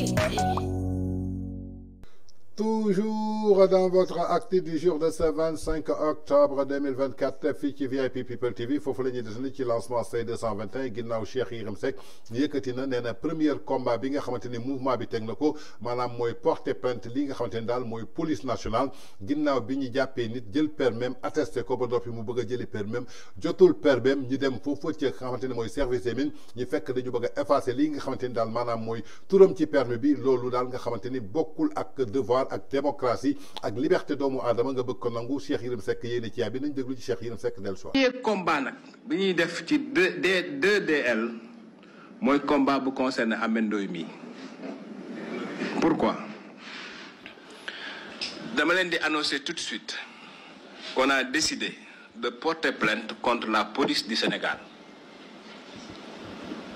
it. Toujours dans votre acte du jour de ce 25 octobre 2024, fii ci VIP People TV foofu la ñuy desandi ci lancement C221 ginnaaw Cheikh Yérim Seck yëkkati na nee premier combat bi nga xamante mouvement bi teg na ko maanaam mooy porte plainte li nga xamante ni daal police nationale ginnaaw bi ñu jàppee nit jël permis attesté ko ba noppi mu bëgg a permis jotul permis ñu dem foofu ci nga xamante service des mines ñu fekk dañu bëgg effacer li nga xamante ni daal maanaam mooy turam ci permis bi loolu daal nga xamante ni bokkul ak devoir. Sénégal ak démocratie et la liberté doomu Adama nga bëgg ko nangu Cheikh Yirim Seck yéene ci Le bi nañ déglu Cheikh Yérim Seck del soi combat nag bi def ci DDL combat bu concerne Amen pourquoi Je vais di annoncer tout de suite qu'on a décidé de porter plainte contre la police du Sénégal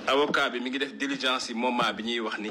avocat bi mi ngi def diligence yi moment bi wax ni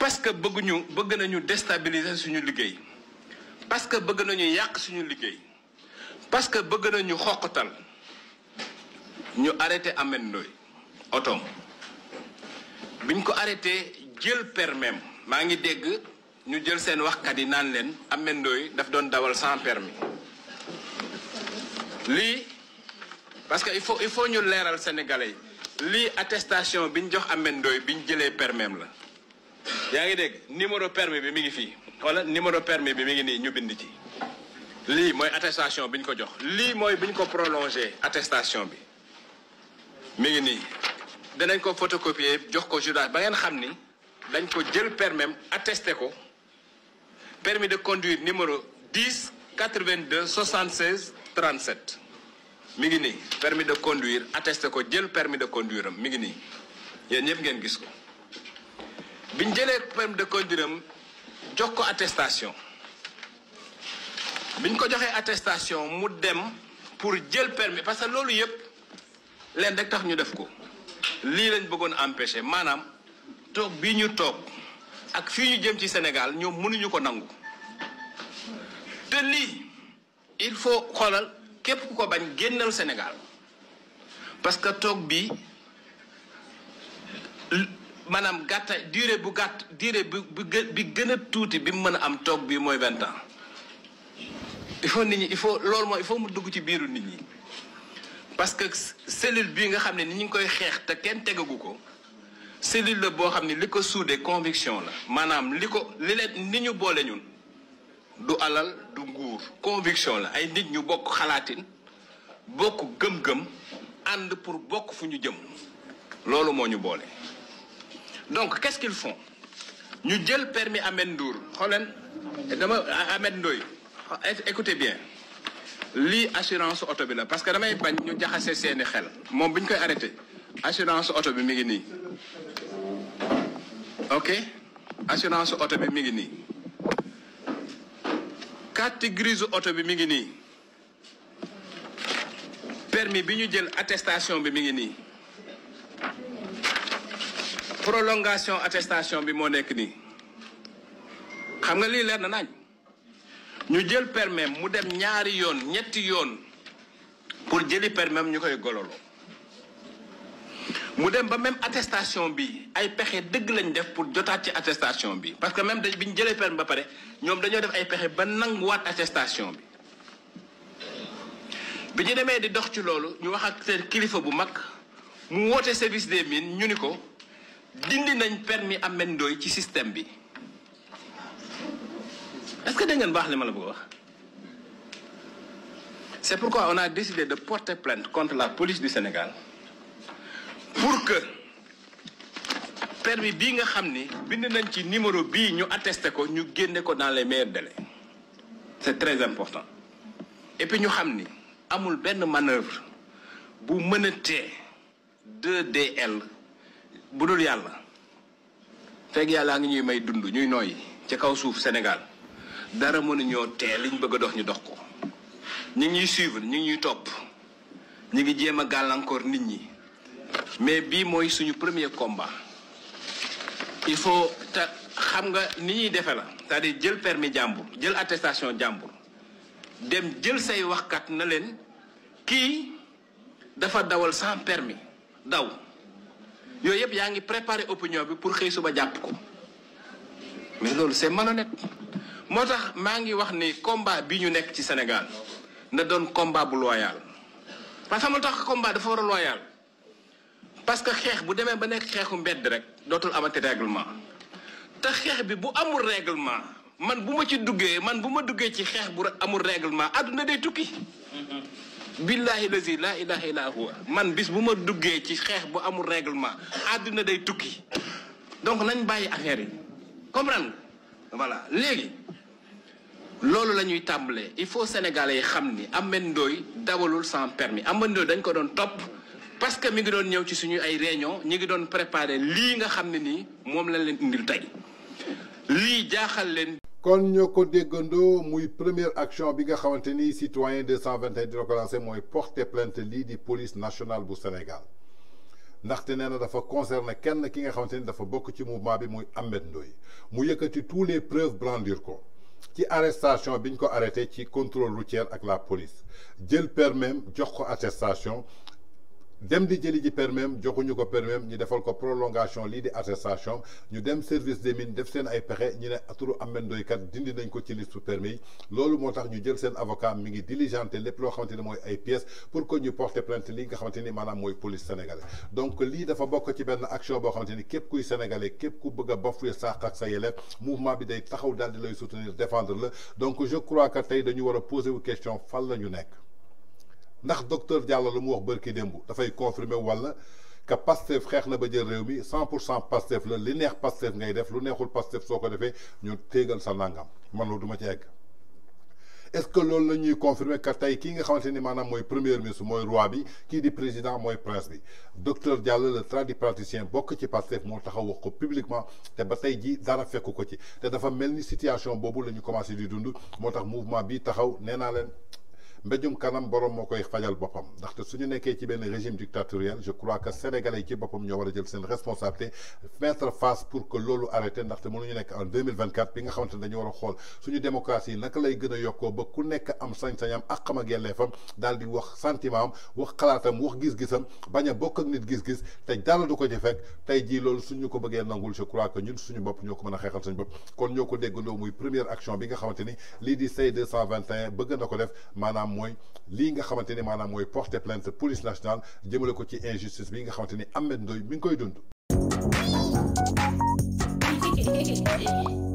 parce que nous bëgg nañu déstabiliser suñu liggéey parce que bëgg nañu yàq suñu liggéey parce que bëgg nañu xoqatal ñu arrêté Ameth Ndoye Nous biñ ko arrêté jël permis maa ngi dégg ñu jël seen waxkat yi naan leen daf dawal sans permis parce que il faut il faut ñu sénégalais attestation biñ jox biñ yaa ngi dégg numéro permis bi mi ngi fii wala numéro permis bi mi ngi nii ñu bind ci attestation bi ñu ko jox lii mooy bi ko prolonger attestation bi mi ngi nii ko photocopier jox ko judaat ba ngeen xam ni dañ ko jël permis attesté ko permis de conduire numéro 10 82 76 37 mi ngi permis de conduire attesté ko jël permis de conduire am mi ngi a yéen ñëpp biñ jëlee permis de conduire jox ko attestation biñ ko joxee attestation mu dem pour jël permis parce que loolu yëpp leen rek tax ñu def ko lii lañ bëggoon empêcher maanaam toog bi ñu toog ak fii ñu jëm ci Sénégal ñoom mënuñu ko nangu te lii il faut xoolal képp ku ko bañ génnal Sénégal parce que toog bi maanaam gàtt durée bu gàtt durée bu bi gën a tuuti bi mu mën a am toog bii mooy vingt ans il faut nit ñi il faut loolu mooy il faut dugg ci biiru nit ñi parce que cellule bii nga xam ne ni ñu ngi koy xeex te kenn tegagu ko cellule la boo xam ne li ko suude conviction la maanaam li ko li leen ni ñu boole ñun du alal du nguur conviction la ay nit ñu bokk xalaatin bokk gëm-gëm ànd pour bokk fu ñu jëm loolu moo ñu boole donc qu'est-ce qu'ils font ñu le permis à Ndour écoutez bien L'assurance auto parce que là bañ ñu jaxassé seeni xel mom Mon koy arrêté assurance auto bi ok assurance auto bi mi ngi ni carte permis bi ñu jël attestation prolongation attestation bi mo nek ni xam nga li leer nañ ñu jël permis mu dem ñaari yoon ñetti yoon pour jëli permis ñu koy gololoo mu dem ba même attestation bi ay pexé deug lañ def pour jotaat ci attestation bi parce que même dañ jëlé ñu permis ba paré ñom dañu def ay pexé ba nanguwaat attestation bi bi démé di dox ci lolu ñu wax ak seen kilifa bu mag mu woté service des mines ñu ni ko dindi nañ permis Ameth Ndoye ci système bi est-ce que da ngeen li bëgg wax c'est pourquoi on a décidé de porter plainte contre la police du Sénégal pour que permis bi nga xamni bind nañ ci numéro bi ñu attesté ko ñu ko dans les meilleurs délais c'est très important et puis ñu xamni amul manœuvre bu mener 2DL budul yalla fek yalla ngi ñuy may dund ñuy noy ci kaw suuf sénégal dara mënu ñoo té liñ bëgg dox ñu dox ko ñi ngi suivre ñi ngi top ñi ngi jema a nit ñi mais bi moy suñu premier combat il faut ta xam nga ni ñi défé la c'est-à-dire jël permis jambour jël attestation jambour dem jël say waxkat na len ki dafa dawal sans permis daw yooyu yëpp yaa ngi préparer opinion bi pour xëy suba jàpp ko mais loolu c'est moo tax maa ngi wax ni combat bi ñu nekk ci Sénégal na doon combat bu loyal parce que tax combat dafa parce que xeex bu demee ba nekk xeexu mbedd rek dootul amati règlement te xeex bi bu amul réglement man bu ma ci duggee man bu ma duggee ci xeex bu amul réglement àdduna day tukki mm-hmm. billahi lazi ilaha illa huwa man bis buma Ils ci xex bu amul règlement aduna day tukki donc affaire comprendre voilà Légui, la tambalé il faut sénégalais xamni amendoy sans permis Ils dañ ko parce que mi ngi don ñew ci suñu ay réunion ñi ngi préparer li nga kon ñoko ko déggandoo muy première action bi nga xamante ni citoyen 221 di ko lancé mooy porter plainte lii di police nationale bu Sénégal ndaxte nee na dafa concerné kenn ki nga xamante ni dafa bokk ci mouvement bi muy Ahmed ndoy mu yëkkati tous les preuves brandir ko ci arrestation biñ ko arrêté ci contrôle routier ak la police jël permis jox ko attestation dem di jëli ji permis joxuñu ko permis ñu defal ko prolongation lii di attestation ñu dem service des mines def seen ay pexe ñu ne turu Ahmed Ndoye kat dindi nañ ko ci liste permis loolu moo tax ñu jël seen avocat mi ngi diligenté lépp loo xamante ni mooy ay pièces pour que ñu porter plainte li nga xamante ni maanaam mooy police sénégalais donc lii dafa bokk ci benn action boo xamante ni képp kuy sénégalais képp ku bëgg a bafouer sa ak sa yelleef mouvement bi day taxaw daal di lay soutenir défendre la donc je crois que tey dañu war a poser wu question fan la ñu nekk ndax docteur Diallo lu mu wax bërki démb dafay confirmer wala que Pastef xeex na ba jël réew mi cent pour Pastef la li neex Pastef ngay def lu neexul Pastef soko defé ñu tégal sa nangam man lu du ma est-ce que loolu la ñuy confirmer que tey kii nga xamante ni maanaam mooy premier ministre mooy roi bi kii di président mooy prince bi docteur Diallo le praticien bokk ci Pastef moo taxaw wax ko publiquement te ba tey ji dara fekk ko ci te dafa mel ni situation boobu la ñu commencé di dund moo mouvement bi taxaw nee naa mbéjum kanam borom moo koy fajal bopam ndaxte su ñu nekkee ci benn régime dictatorial je crois que sénégalais yi ci boppam ñoo war jël sen responsabilité mettre face pour que loolu arrêté ndaxte ñu nekk en 2024 bi nga xamante dañu war a xool suñu démocratie nak lay gëna yokko ba ku nekk am sañ-sañam ak xam ak yelleefam daal di wax sentiment wax xalaatam wax gis-gisam baña a bokk ak nit gis-gis te dara du ko ci fek tay ji loolu suñu ko bëggé nangul je crois que ñun suñu bop ñoko mëna xéxal suñu bop kon ñoko ko déggandoo muy première action bi nga xamanteni li di say 221 bëgg na ko def manam maanaam mooy lii nga xamante ni maanaam mooy porter plainte police nationale jëmale ko ci injustice bi nga xamante ni Ameth Ndoye mi ngi koy dund.